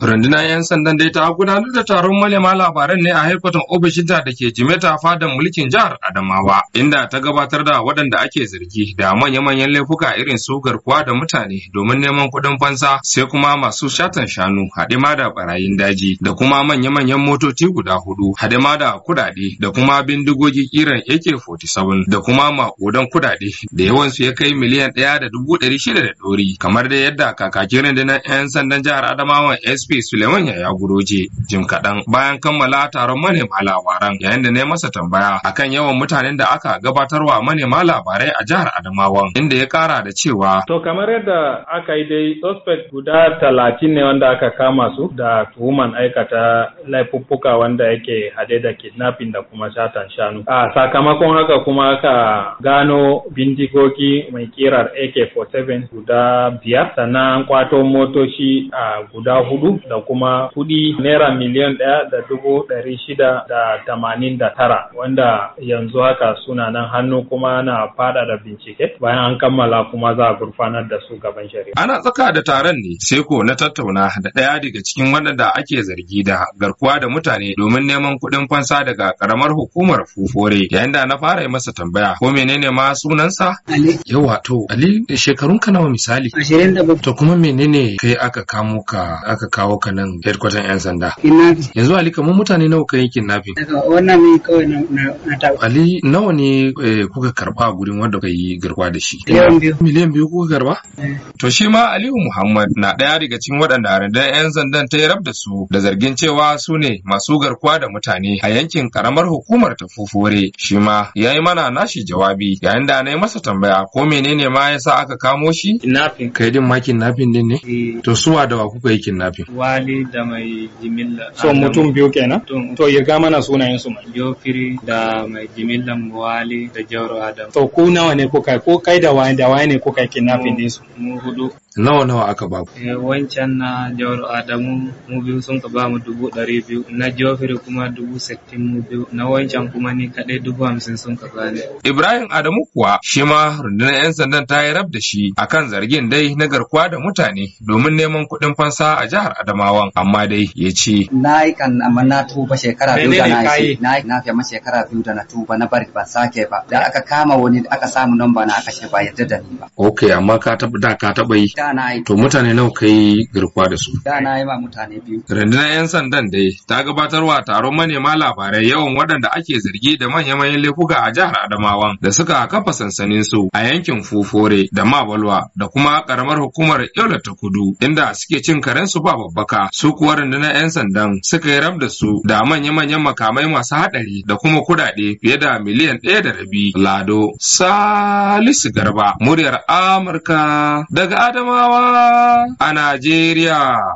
Rundunar 'yan sandan dai ta gudanar da taron malama labaran ne a haikwatan ofishinta da ke jimeta fadan mulkin jihar Adamawa, inda ta gabatar da waɗanda ake zargi da manya-manyan laifuka irin su garkuwa da mutane domin neman kuɗin fansa sai kuma masu shatan shanu haɗima da barayin daji da kuma manya-manyan motoci guda hudu ma da kuɗaɗe da kuma bindigogi kiran AK-47 da kuma maƙudan kuɗaɗe da yawansu ya kai miliyan ɗaya da dubu ɗari shida da ɗori kamar dai yadda kakakin rundunar 'yan sandan jihar Adamawa S dsp suleiman yaya guroje jim kaɗan bayan kammala taron manema labaran yayin da ne masa tambaya akan yawan mutanen da aka gabatarwa manema labarai a jihar adamawa inda ya ƙara da cewa to kamar yadda aka yi dai suspect guda talatin ne wanda aka kama su da tuhuman aikata laifuffuka wanda yake hade da kidnapping da kuma satan shanu a sakamakon haka kuma aka gano bindigogi mai kirar ak-47 guda biyar sannan kwato motoci a guda hudu da kuma kuɗi naira miliyan ɗaya da dubu ɗari shida da tamanin da tara wanda yanzu haka suna nan hannu kuma na fada da bincike bayan an kammala kuma za a gurfanar da su gaban shari'a. Ana tsaka da taron ne sai ko na tattauna da ɗaya daga cikin waɗanda ake zargi da garkuwa da mutane domin neman kuɗin fansa daga ƙaramar hukumar fufore yayin da na fara yi masa tambaya ko menene ma sunansa? Ali. Yawa to Ali shekarunka nawa misali? Ashirin da To kuma menene kai aka kamo ka aka kawo kawo ka nan headquarter 'yan sanda. Yanzu Ali kamar mutane nawa kan yi nafi? Daga wannan kawai Ali nawa ne eh, kuka karba a gurin wanda ka yi garba da shi? Miliyan biyu. Miliyan biyu kuka karba? Eh. To shi ma Aliyu Muhammad na ɗaya daga cikin waɗanda da 'yan sandan ta yi rab da su da zargin cewa su ne masu garkuwa da mutane a yankin karamar hukumar ta fufore shi ma ya yi mana nashi jawabi yayin da na yi masa tambaya ko menene ma ya sa aka kamo shi? Kidnapping. Kai din ma kinnafin din ne? Eh. To suwa da wa kuka yi kinnafin? wali da mai jimilla so ah, mutum biyu kenan to ya ga mana sunayen su mai jofiri da mai jimillan wali da jauro adam to ku nawa ne kuka ko kai da wani da wani ne kuka kinafin din su mu hudu nawa nawa aka ba ku eh, wancan na jawar adamu mu biyu sun ka ba mu dubu ɗari biyu na jofiri kuma dubu sittin mu biyu na wancan kuma ni kaɗai dubu hamsin sun ka bani ibrahim adamu kuwa shi ma rundunar yan sandan ta yi rab da shi akan zargin dai na garkuwa da mutane domin neman kuɗin fansa a jihar adamawan amma dai ya ce na yi kan amma na tuba shekara biyu da na yi na yi na fiye shekara biyu da na tuba na bari ban sake ba da aka kama wani aka samu nomba na aka shi ba yadda da ni ba ok amma ka taɓa da ka taɓa yi dana yi. To mutane nawa ka yi da su? Dana yi ba mutane biyu. Rundunar 'yan sandan dai ta gabatarwa taron manema labarai yawan waɗanda ake zargi da manya-manyan laifuka a jihar Adamawan da suka kafa sansanin su a yankin Fufore da Mabalwa da kuma karamar hukumar Yola ta Kudu inda suke cin karensu ba babbaka su kuwa rundunar 'yan sandan suka yi rab da su da manya-manyan makamai masu haɗari da kuma kuɗaɗe fiye da miliyan ɗaya da rabi. Lado Salisu Garba, muryar Amurka daga Adama Adamawa a Najeriya.